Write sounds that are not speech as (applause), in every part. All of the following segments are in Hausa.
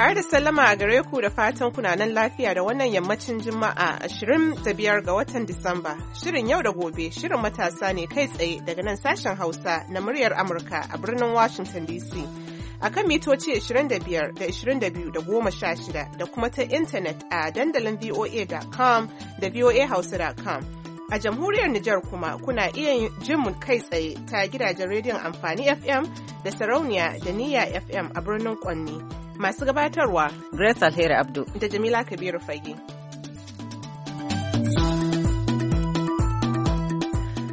Tare da sallama a gare ku da fatan kunanan lafiya da wannan yammacin Juma'a 25 ga watan Disamba. Shirin yau da gobe, shirin matasa ne kai tsaye daga nan sashen Hausa na muryar Amurka a birnin Washington DC. A kan mitoci 25 da 22 da 16 da kuma ta intanet a dandalin voa.com da voahausa.com. A jamhuriyar Nijar kuma kuna iya jin mu kai tsaye ta gidajen rediyon amfani FM da sarauniya da niyya FM a birnin Kwanni Masu gabatarwa Grace Alheri Abdu da Jamila Kabiru Fage.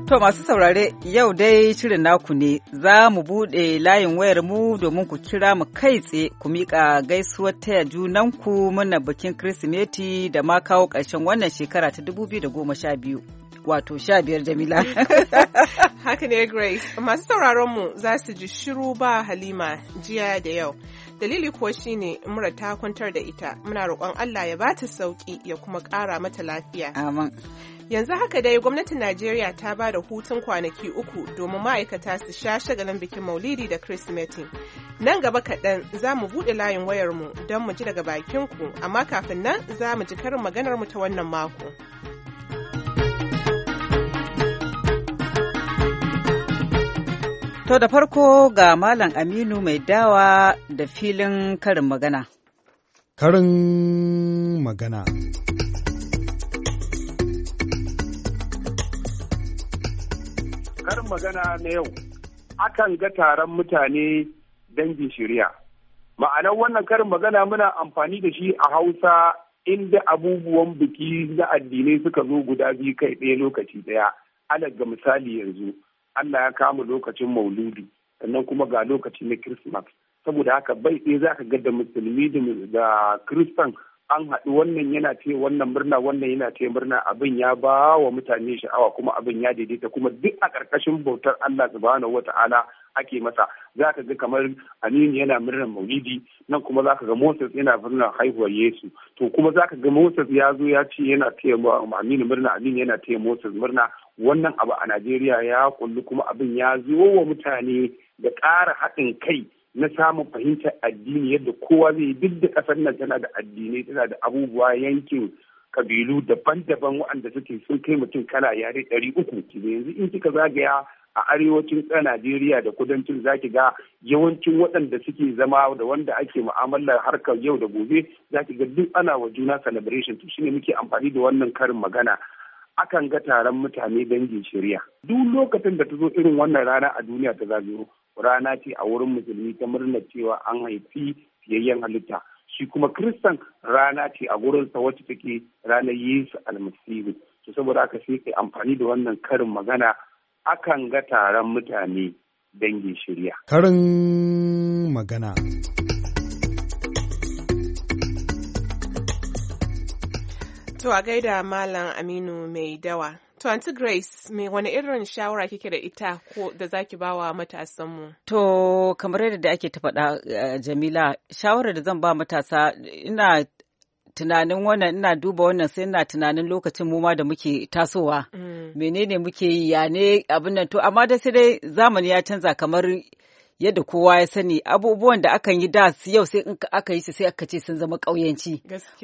To masu saurare yau dai shirin naku ne za mu buɗe layin wayar mu domin ku kira mu kai tsaye ku miƙa gaisuwar taya junanku muna bikin Kirsimeti da ma kawo ƙarshen wannan shekara ta 2012 wato 15 Jamila. (laughs) Haka ne Grace, masu sauraron mu za su ji shiru ba Halima jiya da yau. dalili kuwa shine mura ta kwantar da ita muna roƙon Allah ya ba ta sauƙi ya kuma ƙara mata lafiya amin yanzu haka dai gwamnatin najeriya ta ba da hutun kwanaki uku domin ma'aikata su sha shagalin bikin maulidi da kirsimeti nan gaba kaɗan za mu buɗe layin wayarmu don mu ji daga bakinku amma kafin nan za mu ji karin maganar mu ta wannan mako. To da farko ga Malam Aminu mai dawa da filin karin magana. Karin magana. Karin magana na yau, akan ga taron mutane dangin shirya. Ma'anar wannan karin magana muna amfani da shi a Hausa inda abubuwan biki na addinai suka zo guda biyu kai ɗaya lokaci ɗaya. alaga misali yanzu. Allah ya kama lokacin mauludi sannan kuma ga lokaci na Christmas saboda haka bai ɗaya za ka ga da musulmi da kristan an haɗu wannan yana ce wannan murna wannan yana ce murna abin ya ba wa mutane sha'awa kuma abin ya daidaita kuma duk a ƙarƙashin bautar Allah subhanahu ta'ala. ake masa za ka ga kamar aminu yana murnar maulidi nan kuma za ka ga moses yana murnar haihuwar yesu to kuma za ka ga moses ya zo ya ce yana taya aminu murna aminu yana taya moses murna wannan abu a najeriya ya kullu kuma abin ya zo wa mutane da ƙara haɗin kai na samun fahimtar addini yadda kowa zai duk da ƙasar nan tana da addinai tana da abubuwa yankin kabilu daban-daban waɗanda suke sun kai mutum kala yare ɗari uku yanzu in kika zagaya a arewacin Najeriya da kudancin zaki ga yawancin waɗanda suke zama da wanda ake mu'amalar harkar yau da gobe zaki ga duk ana wa juna celebration to shine muke amfani da wannan karin magana akan ga taron mutane dangin shirya duk lokacin da ta zo irin wannan rana a duniya ta zagiro rana ce a wurin musulmi ta murnar cewa an haifi fiyayyen halitta shi kuma kristan rana ce a gurinsa wacce take ranar yesu almasihu to saboda haka sai kai amfani da wannan karin magana akan ga taron mutane dangin shirya. Karin magana. To a gaida Malam Aminu mai dawa. To Aunty Grace, me wani irin shawara kike da ita ko da zaki bawa matasanmu? To kamar yadda ake ta faɗa eh, Jamila, shawarar da zan ba matasa ina tunanin wannan ina duba wannan sai ina tunanin lokacin mu ma da muke tasowa mm. menene muke yi ya ne abin nan to amma da sai dai zamani ya canza kamar yadda kowa ya sani abubuwan da akan yi da yau sai in aka yi su sai aka ce sun zama ƙauyanci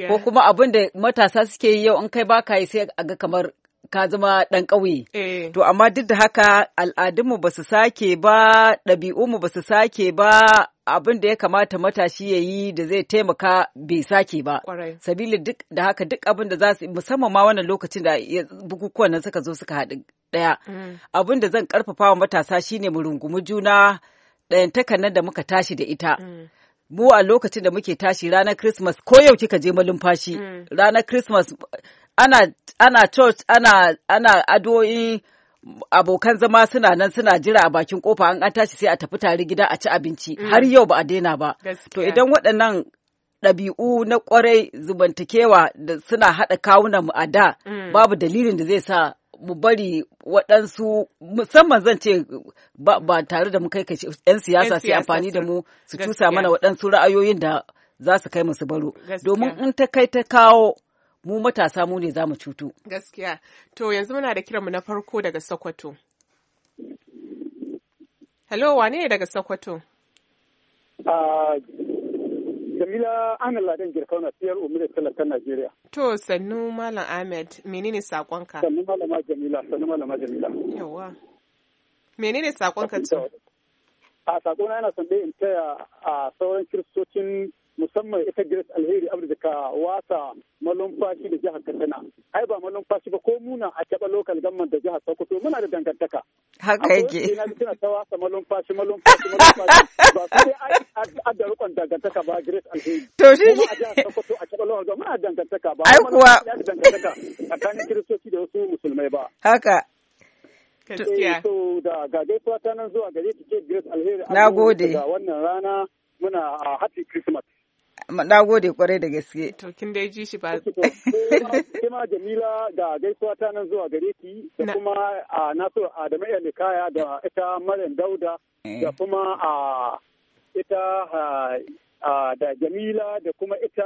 ko kuma abin da matasa suke yi yau in kai baka yi sai a ga kamar ka zama ɗan ƙauye. Eh. To amma duk da haka al'adunmu ba su sake ba, ɗabi'unmu ba su sake ba, abin da ya kamata matashi ya yi da zai taimaka bai sake ba. Sabili duk da haka duk abin da za su musamman ma wannan lokacin da bukukuwan nan suka zo suka haɗu ɗaya. Mm. Abin da zan karfafa wa matasa shine mu rungumi juna ɗayantakan nan da muka tashi da ita. Mm. Mu a lokacin da muke tashi ranar Christmas ko yau kika je malumfashi mm. ranar Christmas ana ana church ana ana adoyi. abokan zama suna nan suna jira a bakin kofa an an tashi sai a tafi tare gida a ci abinci mm. har yau ba a daina ba to idan waɗannan ɗabi'u na ƙwarai zubantakewa da suna haɗa kawunan mu a da mm. babu dalilin da zai sa mu bari waɗansu musamman zan ce ba tare da mu kai kashi 'yan siyasa sai amfani da mu su cusa mana waɗansu ra'ayoyin da za su kai mu baro domin in ta kai ta kawo mu matasa mu ne za mu cutu. Gaskiya. To yanzu muna da kiranmu na farko daga Sokoto. Hello, wane ne daga Sokoto? Ah, Jamila Ahmed Laden Girkauna, siyar Umaru Talatan Najeriya. To, sannu Malam Ahmed, menene saƙonka? Sannu Malama Jamila, sannu Malama Jamila. Yawa. Menene saƙonka to? A ah, saƙona yana son in taya a ah, sauran kiristocin musamman ita Grace Alheri Abdu da ka wasa malumfashi da jihar Katsina ai ba malumfashi ba ko muna a taɓa lokal gamman da jihar Sokoto muna da dangantaka haka yake na tana ta wasa malumfashi malumfashi malumfashi ba sai a da rukun dangantaka ba Grace Alheri to shi ne a Sokoto a taɓa lokal gamman muna dangantaka ba ai kuwa dangantaka tsakanin kiristoci da wasu musulmai ba haka to da ga gaisuwa ta nan zuwa gare ki ce Grace Alheri na gode ga wannan rana muna a happy Christmas na gode kwarai da gaske. To kin dai ji shi ba. Kima Jamila da gaisuwa ta nan zuwa gare ki da kuma a Nasu Adamu Elikaya da ita Maryam Dauda eh. da kuma a ita da Jamila da kuma ita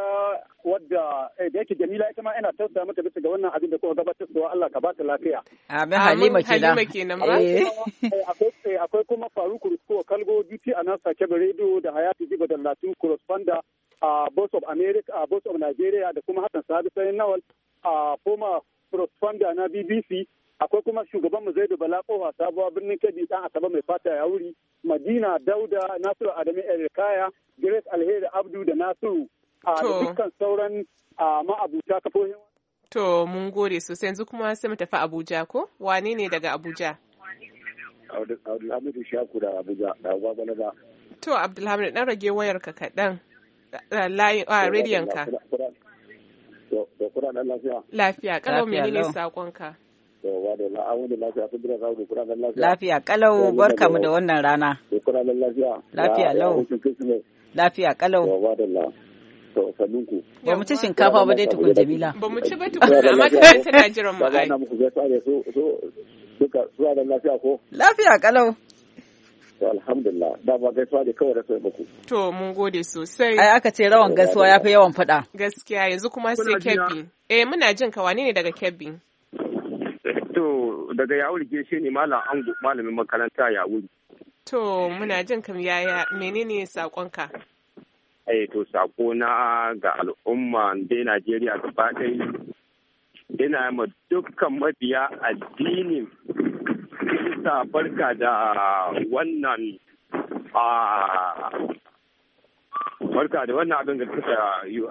wadda eh, da yake Jamila ita ma ina tausaya mata bisa ga wannan abin da kuma gabatar da Allah ka ba ta lafiya. Amin Halima kenan. Halima kenan ba. Eh. Akwai kuma Faruk Rusko Kalgo Duty a nasa Kebe Radio da Hayati Jibo da Latin Corresponder a Boss of America a Boss of Nigeria da kuma Hassan Sabi Sani Nawal a former profounder na BBC akwai kuma shugaban mu Zaidu Bala Kofa sabuwa birnin Kebbi dan Asaba mai fata ya wuri Madina Dauda Nasiru Adamu Elkaya Grace Alheri Abdu da Nasiru a dukkan sauran ma'abuta kafofin To mun gode sosai yanzu kuma sai mu tafi Abuja ko wane ne daga Abuja? Abdulhamidu Shaku da Abuja da Gwagwalada. To Abdulhamidu dan rage wayar ka kaɗan. rediyon ka da lafiya lafiya kalau menene sakonka lafiya kalau barka da wannan rana lafiya lau lafiya kalau ba mu ci shinkafa ba dai tukun jamila ba mu ci ba tukun amma tana jiran mu ai lafiya kalau To da ba gaisuwa ne kawai da sai muku. To mun gode sosai. Ai aka ce rawan gaisuwa ya fi yawan faɗa. Gaskiya yanzu kuma sai Kebbi. Eh muna jin ka wane ne daga Kebbi? To daga Yawuri ke shi ne malamin makaranta Yawuri. To muna jin kam yaya menene sakonka? Eh to sako na ga al'umma dai Najeriya gaba ɗaya ina ma dukkan mabiya addinin Minista barka da wannan barka da wannan abin da suka yi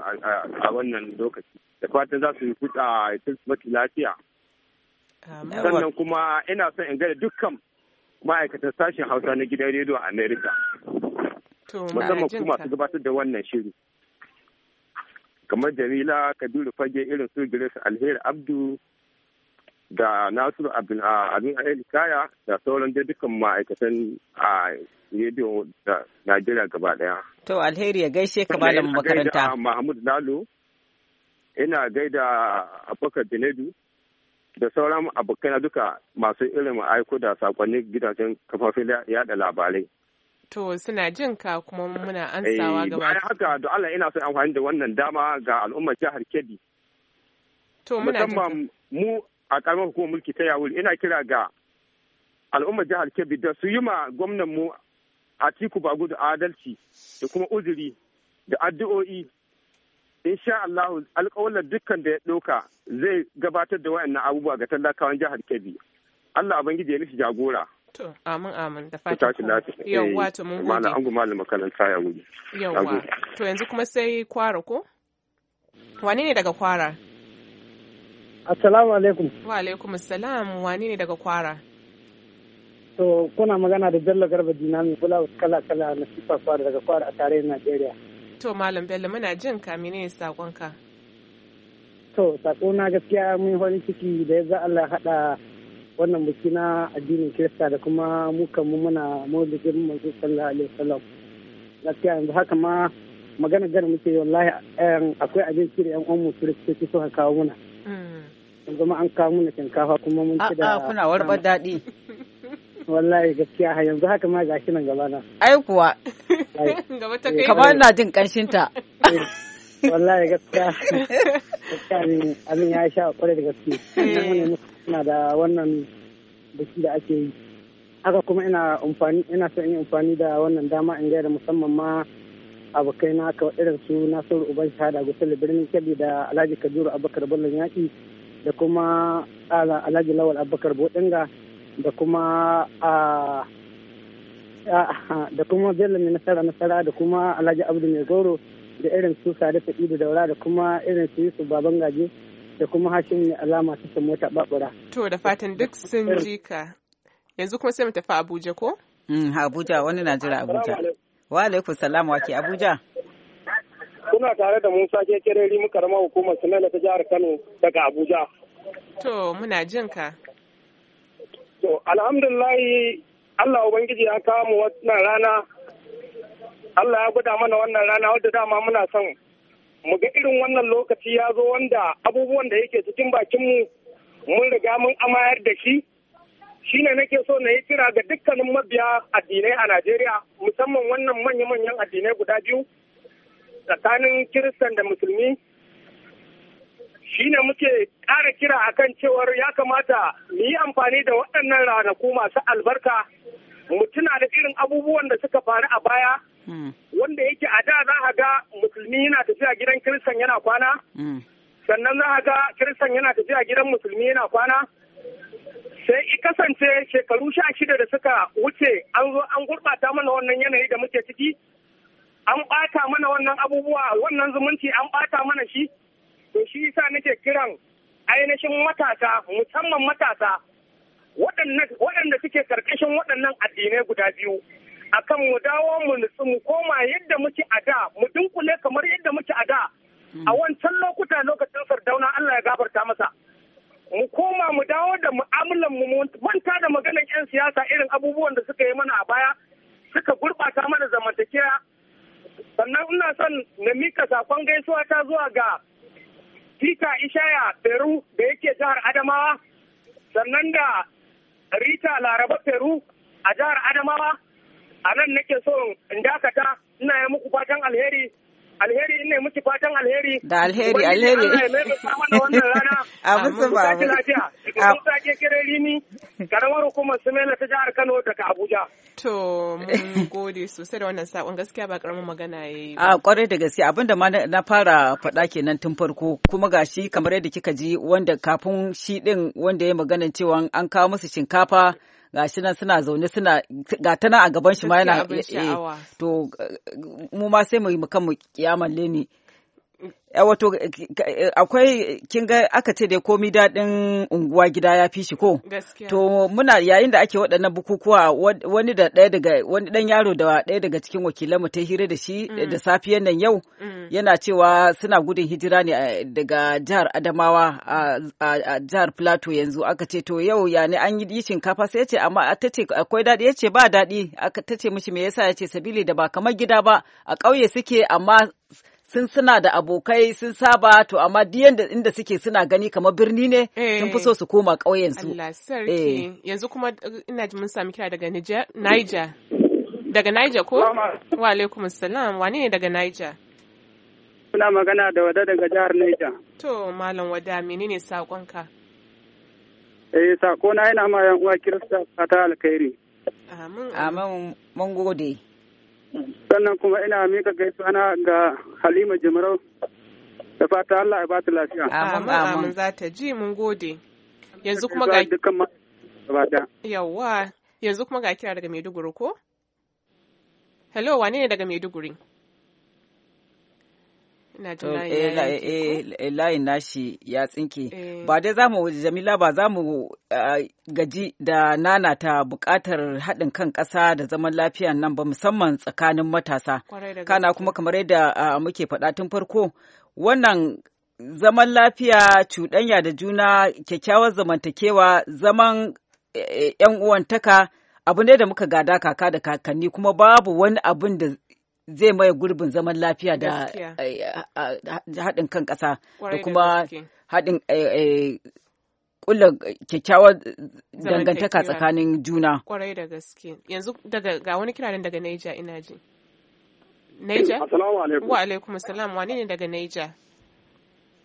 a wannan lokaci. Da fatan za su yi kuɗa Kirsimeti lafiya. Sannan kuma ina son in gada dukkan ma'aikatan sashen Hausa na gidan rediyo a Amerika. Musamman kuma su gabatar da wannan shiri. Kamar Jamila Kabiru Fage irin su Grace Alheri Abdu da nasiru abin abin kaya da sauran da dukkan ma'aikatan a rediyo da najeriya gaba daya to alheri ya gaishe ka da makaranta mahmud lalo ina gaida abokan binedu da sauran abokan duka masu irin aiko da sakonnin gidajen kafafin yada labarai To suna jin ka kuma muna eh, ansawa gaba. Bayan haka da Allah ina son amfani da wannan dama ga al'ummar jihar Kebbi. To muna Musamman mu a karamar hukumar mulki ta yawuri ina kira ga al'ummar jihar kebbi da su yi ma gwamnan mu a tiku bagu da adalci da kuma uzuri da addu'o'i insha Allah alƙawalar dukkan da ya ɗauka zai gabatar da wayannan abubuwa ga talakawan jihar Kebbi. Allah abangiji ya nufi jagora. amin amin da fatan Yawwa to mun eh, gode. Malam angu malam To yanzu kuma sai kwara ko? Wane ne daga kwara? Assalamu alaikum. Wa alaikum assalam wani ne daga kwara? To kuna magana da Bello Garba Dinami Bula kala kala na sifa kwara daga kwara a tarayyar Najeriya. To Malam Bello muna jin ka ne sakonka? To sako na gaskiya mun farin ciki da yadda Allah hada wannan biki na addinin Kirista da kuma mu kanmu muna maulidin manzo sallallahu alaihi wasallam. Gaskiya yanzu haka ma magana da muke wallahi eh, akwai abinci da yan uwan mu kiristoci suka kawo muna. yanzu ma an kawo mana shinkafa kuma mun ci ah, da a'a ah, kuna warbar daɗi (laughs) wallahi gaskiya ha yanzu haka ma gashi nan gaba na ai kuwa (laughs) gaba ta kai kamar na jin kanshin ta eh, wallahi gaskiya gaskiya ne amin ya sha kware da gaske ina eh. da wannan biki da ake yi haka kuma ina amfani ina son yin amfani da wannan dama in gaida musamman ma abokai na haka irin su Nasiru Uban Shahada Gusali Birnin Kebbi da Alhaji kaduru Abubakar Bello Yaki da kuma alhaji lawal abubakar bodinga da kuma da kuma bello mai nasara nasara da kuma alhaji abdu mai goro da irin su sade sa'idu daura da kuma irin su yusuf baban gaji da kuma hashin mai alama su samu wata babura. to da fatan duk sun ji ka yanzu kuma sai mu tafi abuja ko. Mm, abuja wani na jira abuja. wa alaikum salam wake abuja. kuna tare da musa kekereri muka karama hukumar sinala ta jihar kano daga abuja. To, muna jin To, alhamdulillahi Allah Ubangiji ya kawo mu wannan rana, Allah ya gwada mana wannan rana wadda dama muna son mu ga irin wannan lokaci ya zo wanda abubuwan da yake cikin bakinmu mun riga mun amayar da shi. Shi ne nake so na yi kira ga dukkanin mabiya addinai a Najeriya, musamman wannan manya-manyan addinai guda biyu, tsakanin Kiristan da Musulmi, shine muke ƙara kira a kan cewar ya kamata mu yi amfani da waɗannan ranaku masu albarka mu tuna da irin abubuwan da suka faru a baya hmm. wanda yake a da za a ga musulmi yana tafiya gidan kiristan yana kwana hmm. sannan za a ga kiristan yana tafiya gidan musulmi yana kwana sai i kasance shekaru sha shida da suka wuce an zo an gurɓata mana wannan yanayi da muke ciki an ɓata mana wannan abubuwa wannan zumunci an ɓata mana shi to shi yasa nake kiran ainihin matasa musamman matasa waɗanda suke karkashin waɗannan addinai guda biyu akan mu dawo mu nutsu mu koma yadda muke a da mu dunkule kamar yadda muke a da a wancan lokuta lokacin sardauna Allah ya gafarta masa mu koma mu dawo da mu'amalan mu manta da maganar yan siyasa irin abubuwan da suka yi mana a baya suka gurɓata mana zamantakewa sannan ina son na mika sakon gaisuwa ta zuwa ga Peter Ishaya Peru da yake jihar Adamawa, sannan da Rita Laraba Peru a jihar Adamawa, a nan nake so in dakata ina yi muku fatan alheri alheri ne muke fatan alheri da alheri alheri abu su ba abu lafiya kun sake kire rini karamar hukumar sumela ta jihar Kano daga Abuja to mun gode sosai da wannan sakon gaskiya ba karamin magana yayi a kwarai da gaske abinda ma na fara faɗa kenan tun farko kuma gashi kamar yadda kika ji wanda kafin shi din wanda ya magana cewa an kawo musu shinkafa gashi nan suna zaune suna ga tana a gaban shi ma yana eh, eh, to eh, mu ma sai mu yi mu kan mu kiyamalle ne Eh, wato eh, eh, akwai kin ga aka ce dai komi daɗin unguwa gida ya fi shi ko to muna yayin da ake waɗannan bukukuwa wani da ɗaya daga wani ɗan yaro da ɗaya daga cikin wakilan mu ta hira da shi mm. da safiyan nan yau mm. yana cewa suna gudun hijira ne daga jihar Adamawa a jihar Plateau yanzu aka ce to yau ya ne an yi shinkafa sai ce amma ta ce akwai daɗi ya ce ba daɗi aka ta ce mishi me yasa ya ce sabili da ba kamar gida ba a ƙauye suke amma Sun suna da abokai sun saba to amma diyan da inda suke suna gani kamar birni ne sun fi so eh. su koma ƙauyen su. Eh. Yanzu kuma eh, ina ji mun sami kira daga Niger. Daga Niger ko? Wa alaikum assalam Wane ne daga Niger? Kuna magana da wada daga jihar Niger. To malam wada menene sakonka? Eh sakona yana ma yan uwa Kirista fata alkhairi. Amin. Amin mun gode. sannan kuma ina mika gaisuwa na ga halima jimarau da fata allah ya bata lafiya amin amin za ta ji mun gode yanzu kuma ga Yawwa yanzu kuma ga kira daga maiduguri ko hello wane ne daga maiduguri Eh, eh, eh, layin nashi ya tsinke ba dai za mu jamila ba za mu gaji da nana ta bukatar haɗin kan ƙasa da zaman lafiya nan ba musamman tsakanin matasa kana kuma kamar yadda muke faɗa tun farko wannan zaman lafiya cuɗanya da juna kyakkyawar zamantakewa zaman yan e, e, uwantaka abu ne da muka gada kaka da kakanni kuma babu wani abin da zai maye gurbin zaman lafiya da eh, haɗin kan ƙasa da kuma haɗin kulla eh, eh, kyakkyawar dangantaka tsakanin juna. Kwarai da gaske. Yanzu daga ga wani kiranin daga Naija ina ji. Naija? Assalamu alaikum. Wa alaikum assalam. Wani ne daga Naija?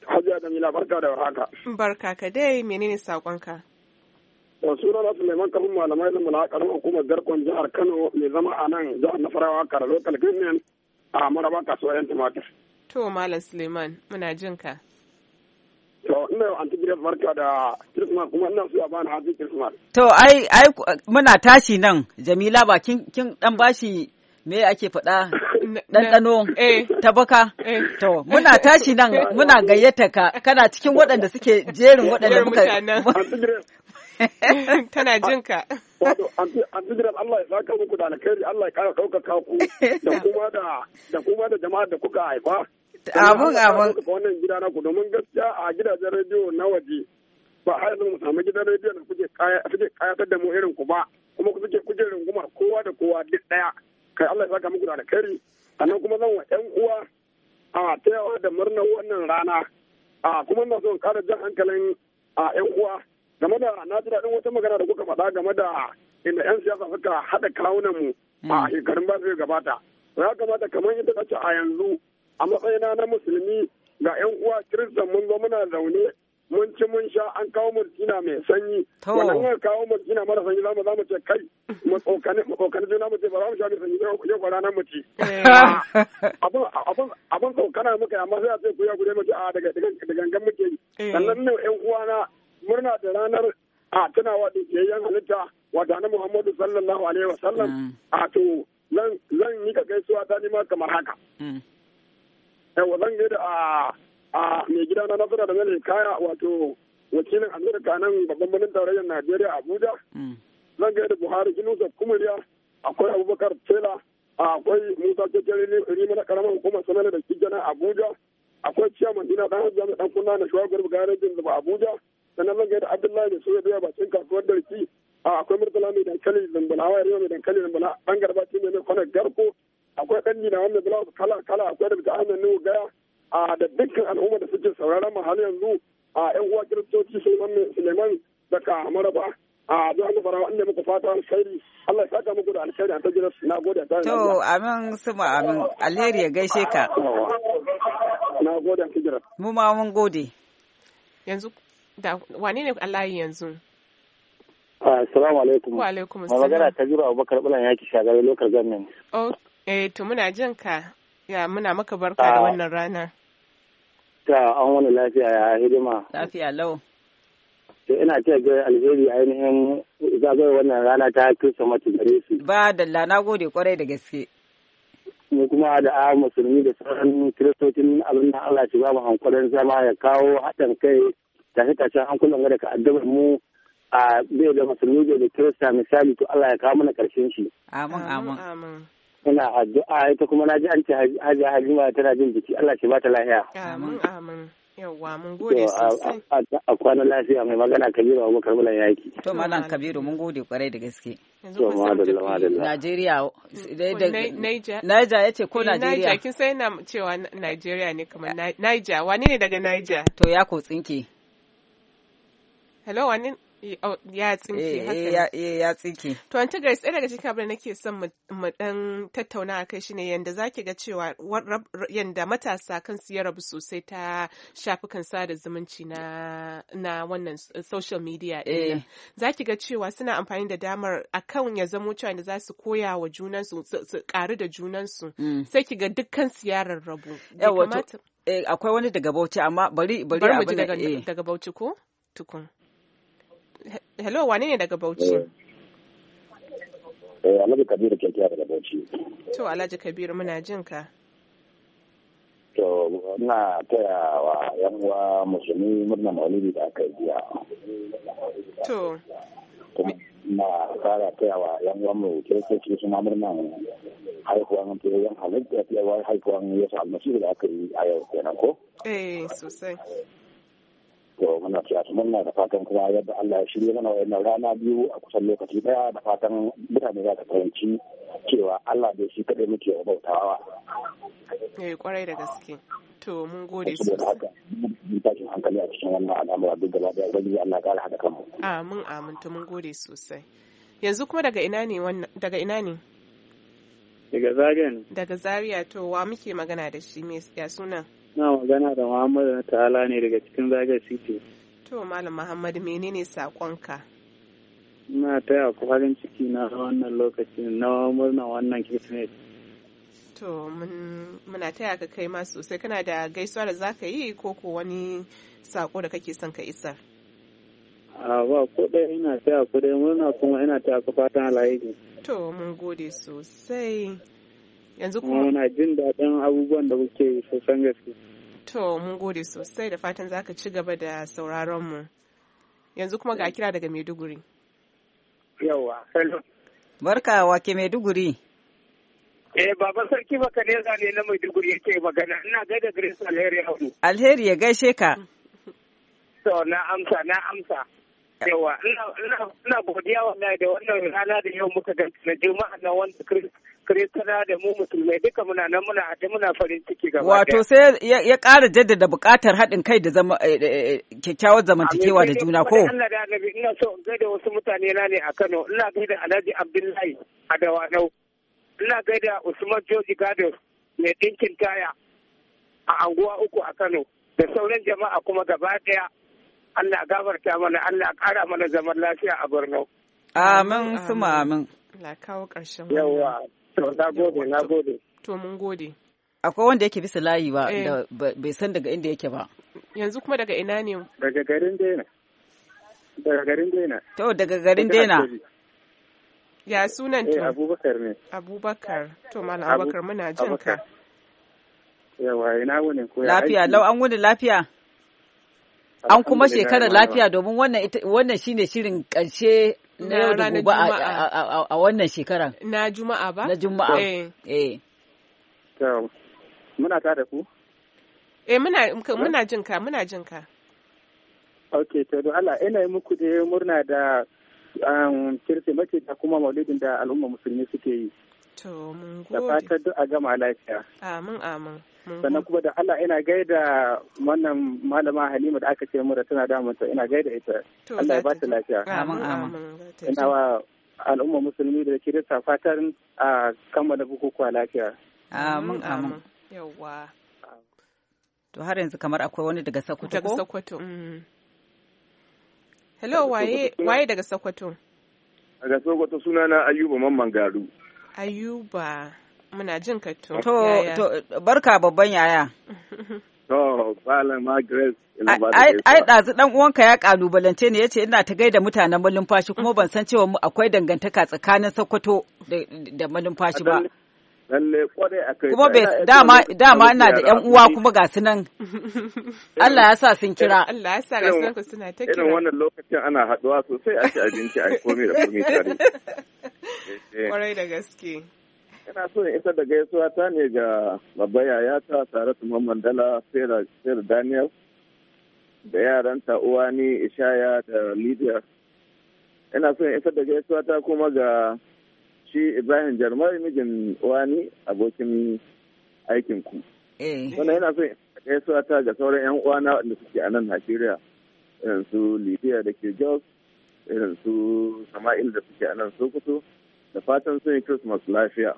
Hajiya Jamila barka da warhaka. Barka ka dai menene sakonka? suna su neman kafin malamai da mulakar hukumar garkon jihar Kano mai zama a nan jihar Nasarawa kara local government a maraba kasuwar yan tumatir. To Malam Suleiman muna jin ka. To ina yau anti gidan barka da Christmas kuma ina so a bani hajji Christmas. To ai ai muna tashi nan Jamila ba kin kin dan bashi me ake faɗa ɗanɗano eh. ta baka. Eh. To, muna tashi nan muna gayyata ka kana cikin waɗanda suke jerin waɗanda (laughs) Tana jin ka. Wato, Abdulrahman Allah ya saka muku da alkhairi, Allah ya kara ɗaukaka ku da kuma da da kuma da jama'a da kuka haifa. Abun abun. Wannan gida na ku domin gaskiya a gidajen rediyo na waje ba har yanzu mu samu gidan rediyo da kuke kayatar da mu irin ku ba kuma kuke kuke rungumar kowa da kowa duk daya kai Allah ya saka muku da alkhairi sannan kuma zan wa ƴan uwa a tayawa da murnar wannan rana a kuma na son kara jan hankalin a ƴan uwa game da na ji daɗin wata magana da kuka faɗa game da inda 'yan siyasa suka haɗa kawunan mu a hmm. shekarun ba su gabata ya kamata kamar yadda na ce a yanzu a matsayina na musulmi ga 'yan uwa kiristan mun zo muna zaune mun ci mun sha an kawo murtina mai sanyi wannan ya kawo murtina mara sanyi zamu zamu ce kai mu tsokane mu tsokane juna mu ce ba za mu sha mai sanyi yau ko ranar mu ci eh. (laughs) abun abin abin tsokana muka amma sai a ce ku ya gure mu ce ah, a daga daga gangan muke yi eh. sannan ne 'yan uwana murna da ranar a tunawa da yayyan halitta wata na Muhammadu sallallahu alaihi wa sallam mm. a to zan yi ka gaisuwa ta nima kamar haka. Mm. Yawa zan gaida a a mai gida na nasara da zai kaya wato wakilin Amurka nan babban birnin tarayyar Najeriya Abuja. Mm. Zan gaida Buhari Ginusa Kumuriya akwai Abubakar Tela akwai Musa Kekere Rima na karamar hukumar sanar da Kijana Abuja. Akwai Ciyaman Dina Dan Hajjami ɗan Kunna na Shuwa Garba Garejin Zuba Abuja. sannan zan gaida abdullahi da soya doya bakin kasuwar darki akwai murtala mai dankali zambala hawa yariwa mai dankali zambala dan garba ce mai kwanar garko akwai ɗan nina wanda bula kala kala akwai da bita amin nuhu gaya a da dukkan al'umma da suke sauraron mu har yanzu a yan uwa kiristoci suleiman da ka maraba a zuwa mu fara inda muku fata alkhairi Allah ya saka muku da alkhairi a ta jira na gode ta to amin suma amin alheri ya gaishe ka na gode a ta jira mu ma mun gode yanzu da wane ne alayi yanzu ah, assalamu alaikum wa alaikum assalam magana ta jira abubakar bulan yaki shagari local government oh eh to muna jin ka ya muna maka barka da ah. wannan rana. ta an wani lafiya ya hidima lafiya lau to ina ce ga alheri ainihin zagayowar wannan rana ta kusa mata gare su ba dalla na gode kwarai da gaske mu kuma da a musulmi da sauran kiristocin abin da Allah shi ba mu hankalin zama ya kawo haɗin kai tashe an kullum da ka addabar mu a bai da musulmi da kirista misali to Allah ya kawo mana karshen shi amin amin ina addu'a ita kuma na ji an ce hajiya halima tana jin jiki Allah shi ba ta lafiya amin amin yawwa mun gode sosai a kwana lafiya mai magana kabiru abubakar bulan yaki to malam kabiru mun gode kwarai da gaske to madalla madalla najeriya naija ya ce ko najeriya kin sai na cewa najeriya ne kamar naija wani ne daga naija to ya ko tsinke hello wani oh, ya tsinke eh, eh, eh, ya tsinke to an Grace tsaye daga cikin abin da nake son mu dan tattauna a kai shine za ki ga cewa yadda matasa kansu ya rabu sosai ta shafukan sada zumunci na na wannan social media eh. za ki ga cewa suna amfani da damar akan ya zamo cewa da za su koya wa junansu su karu da junansu mm. sai ki ga dukkan su ya rarrabu akwai wani daga Bauchi amma bari bari abin daga Bauchi ko tukun hello wane ne daga Bauchi? Eh. eh, Alhaji Kabiru ke kiyar daga Bauchi. To, Alhaji Kabiru muna jin ka. To, ina taya wa ‘yan uwa musulmi murna maulidi da aka yi jiya. To. Na kara taya wa ‘yan uwa mu kiristoci suna murnan haihuwan fiyayen halitta fiyayen haihuwan yasa almasihu da aka yi a yau kenan ko? Eh, sosai. to muna tiyata muna da fatan kuma yadda Allah ya shirya mana wayannan rana biyu a kusan lokaci daya da fatan mutane za ta fahimci cewa Allah bai shi kaɗai muke wa bautawa. Eh kwarai da gaske. To mun gode sosai. tashin hankali a cikin wannan al'amura duk gaba da ubangiji Allah ya kara haɗa kanmu. Amin amin to mun gode sosai. Yanzu kuma daga ina ne wannan daga ina ne? Daga Zaria Daga Zaria to wa muke magana da shi me ya sunan? na magana da Muhammad na ta'ala ne daga cikin Zagar City. To Malam Muhammad menene saƙonka? Ina taya ku farin ciki na wannan lokacin na murnar wannan Kirsimeti. To muna taya ka kai ma sosai kana da gaisuwa da za ka yi ko ko wani saƙo da kake son ka isar? A ba ko ɗaya ina taya ku dai murna kuma ina taya ku fatan alayi. To mun gode sosai. yanzu kuma muna jin daɗin abubuwan da kuke sosan gaske to mun gode sosai da fatan za ka ci gaba da sauraron mu yanzu kuma ga kira daga Maiduguri yawa hello barka ke Maiduguri Eh baba sarki baka ne zane na Maiduguri yake magana ina gaida Grace Alheri Audu Alheri ya gaishe ka to na amsa na amsa Yawa, ina godiya wannan da wannan rana da yau muka ganta na juma'a na wanda da mu musulmai duka muna nan muna muna farin ciki gaba Wato sai ya ƙara jaddada buƙatar haɗin kai da zama eh, eh, eh, kyakkyawar zamantakewa da juna ko? Allah da annabi ina so in gaida wasu mutane na ne a Kano ina gaida Alhaji Abdullahi a ina gaida Usman Joji Gado mai ɗinkin taya a anguwa uku a Kano da sauran jama'a kuma gaba ɗaya Allah gafarta mana Allah ƙara mana zaman lafiya a Borno. Amin suma amin. Allah kawo ƙarshen mu. Yawwa, to na gode, na gode. To mun gode. Akwai wanda yake bisa layi ba eh. da bai san daga inda yake ba. Yanzu kuma daga ina ne? Daga garin Dena. Daga garin Dena. To daga garin Dena. Ya sunan to? Eh, Abubakar ne. Abubakar. To Malam Abubakar muna jin ka. Yawa ina wani ko ya Lafiya, lau an wani lafiya. An kuma shekarar lafiya domin wannan shine shirin ƙarshe na yau da gobe a wannan shekarar. Na juma'a ba? Na juma'a. Eh. eh. Muna ta da ku? Eh muna jin ka muna jin ka. Ok, to don Allah ina yi muku da murna da mace um, da kuma maulidin da al'umma musulmi suke yi. To, mun gode. Da fatar duk a gama lafiya. Amin, amin. sannan kuma da Allah ina gaida wannan malama Halima da aka ce mu da tana ta ina gaida ita Allah ya ba ta lafiya amin amin ina wa al'umma musulmi da ke da fatan a kammala bukukuwa lafiya amin amin yawa to har yanzu kamar akwai wani daga Sokoto daga Sokoto mm. Mm. hello waye waye daga Sokoto daga Sokoto sunana Ayuba Mamman Garu Ayuba Muna jin kattu. To, to barka babban yaya. (laughs) To, bala Grace. Ai, ɗazu ɗan uwanka ya ƙalubalance ne ya ce ina ta gaida mutanen malumfashi kuma ban san cewa akwai dangantaka tsakanin Sokoto da malumfashi ba. lalle kwarai a kai kuma bai dama dama ina da yan uwa kuma ga su nan (laughs) Allah ya sa sun kira (laughs) Allah ya sa ga su suna ta kira irin wannan lokacin ana haduwa sosai a ci abinci a komai da komai tare kwarai eh, eh. da gaske ina so in isa da gaisuwa ta ne ga babba yayata tare da Mandala sir Daniel da yaran yaranta uwani Ishaya da Lydia. Ina so in isa da gaisuwa ta kuma ga shi Ibrahim jarmar mijin uwani abokin aikinku. Wannan eh. ina so in gaisuwa ta ga sauran 'yan uwana waɗanda suke a nan Najeriya irin su Lydia da ke Jos irin su Sama'il da suke a nan Sokoto. da fatan sun yi Christmas lafiya.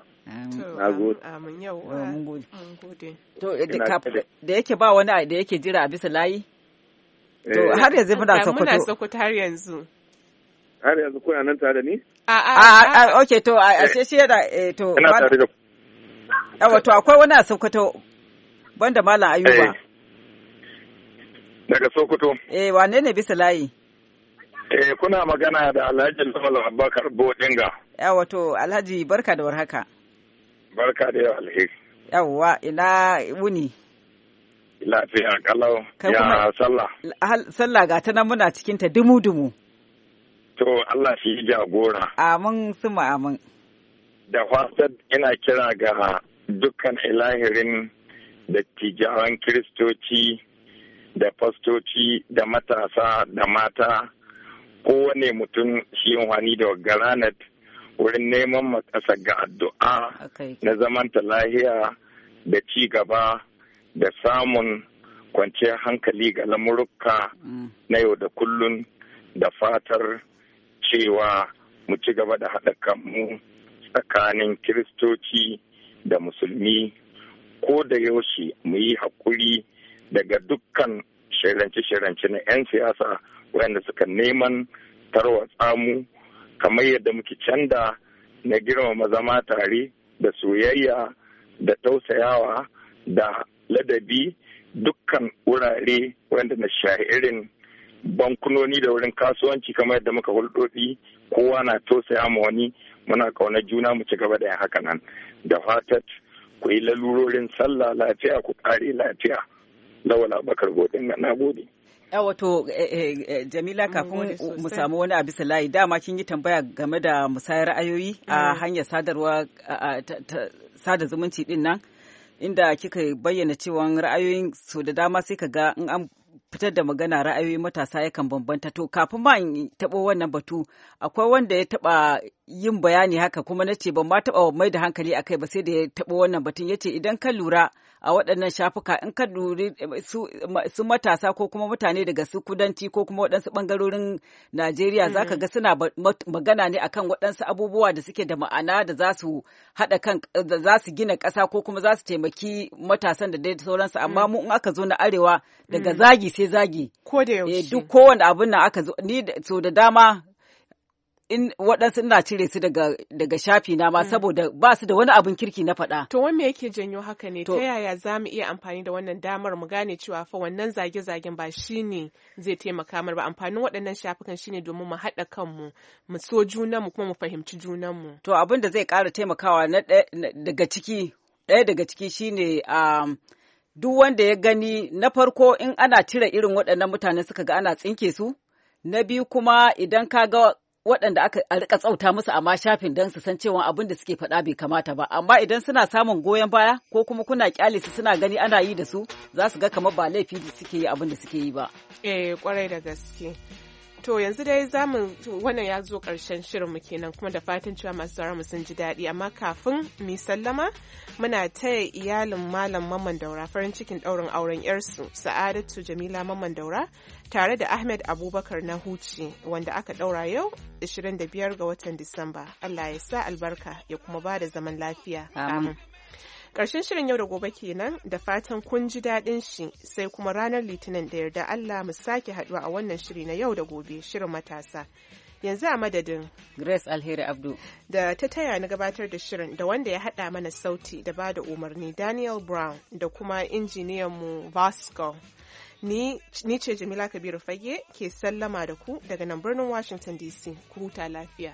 Amin yau. To, eh, da yake ba wani da yake jira a bisa layi? To, eh. har yanzu muna Sokoto. har yanzu. Har yanzu kuna nan tare da ni? A, a, a, ok, to, a, ah, eh. a, shi yana, to. Ina tare akwai wani a Sokoto, banda Malam Ayuba. Daga Sokoto. Eh, wane ne bisa layi? Eh, kuna magana da Alhaji Lawal Abubakar Bodinga. Yawa, to, Alhaji, barka da warhaka. Barka da yau alheri. Yawwa ina wuni. Lafiya kalau ya sallah. Sallah ga ta nan muna cikin ta dumu-dumu. To Allah shi jagora. Amin suma amin. Da fasad ina kira ga dukkan ilahirin da tijawan kiristoci da fastoci da matasa da mata kowane mutum shi wani da garanet wurin neman makasa ga addu'a na zamanta lahiya da ci gaba da samun kwanciyar hankali ga lamurka mm. na yau da kullun da fatar cewa mu ci gaba da haɗa kanmu tsakanin kiristoci da musulmi ko da yaushe mu yi haƙuri daga dukkan shirance-shirance na 'yan siyasa wayanda suka neman tarwatsa mu kamar yadda muke canda na girmama zama tare da soyayya da tausayawa da ladabi dukkan wurare wanda na irin bankunoni da wurin kasuwanci kamar yadda muka hulɗoɗi kowa na tausaya ma wani muna kauna juna mu ci gaba da yin haka nan da fatat ku yi lalurorin sallah lafiya ku ƙare lafiya lawala bakar godin na gode. wato eh, eh, eh, jamila kafin mu samu wani abu layi dama kin yi tambaya game da musayar ra'ayoyi a hanyar sadarwa sada zumunci din nan inda kika bayyana cewa ra'ayoyin su da dama sai ka ga in an fitar da magana ra'ayoyin matasa yakan bambanta to kafin ma in taɓo wannan batu akwai wanda ya taɓa yin bayani haka kuma na ce ban ma taɓa mai da hankali akai ba sai da ya taɓo wannan batun ya ce idan ka lura a waɗannan shafuka in ka duri eh, su matasa ko kuma mutane daga su kudanci ko kuma waɗansu ɓangarorin Najeriya za ka mm. ga suna magana ne akan waɗansu abubuwa da suke da ma'ana da za su haɗa kan da za su gina ƙasa ko kuma za su taimaki matasan da dai sauransu amma mm. mu in aka zo na arewa daga mm. zagi sai zagi. Ko da eh, yaushe. Duk kowane abin nan aka zo ni so da dama in waɗansu ina cire su daga daga shafi na ma mm. saboda ba su da wani abin kirki na faɗa. To wani me yake janyo haka ne ta yaya za mu iya amfani da wannan damar mu gane cewa fa wannan zage-zagen ba shi ne zai taimaka mana ba amfanin waɗannan shafukan shine domin mu haɗa kanmu mu so junanmu kuma mu fahimci junanmu. To abin da zai ƙara taimakawa na daga ciki ɗaya daga ciki shine um, duk wanda ya gani na farko in ana cire irin waɗannan mutane suka ga ana tsinke su na biyu kuma idan ka ga waɗanda aka a rika tsauta musu amma shafin dan su san cewa abin da suke faɗa bai kamata ba amma idan suna samun goyon baya ko kuma kuna kyale su suna gani ana yi da su za su ga kamar ba laifi suke yi abin da suke yi ba eh kwarai da gaske To yanzu dai zamu wannan ya zo ƙarshen mu kenan kuma da fatan cewa masu sauraron mu sun ji daɗi amma kafin mu sallama muna taya iyalin malam Mamman Daura farin cikin ɗaurin auren yarsu Sa'adatu Jamila Mamman Daura tare da Ahmed Abubakar na Huci wanda aka ɗaura yau 25 ga watan Disamba. Allah ya sa albarka ya kuma ba da zaman lafiya. Amin. karshen shirin yau da gobe kenan da fatan kun ji daɗin shi sai kuma ranar litinin da yarda Allah mu sake haɗuwa a wannan shiri na yau da gobe shirin matasa. Yanzu a madadin Grace Alheri Abdu da ta taya na gabatar da shirin da wanda ya haɗa mana sauti da bada umarni Daniel Brown da kuma injiniyanmu Vasco. Ni, ni ce Jamila Kabiru Fage ke sallama da ku daga nan birnin Washington DC. Ku huta lafiya.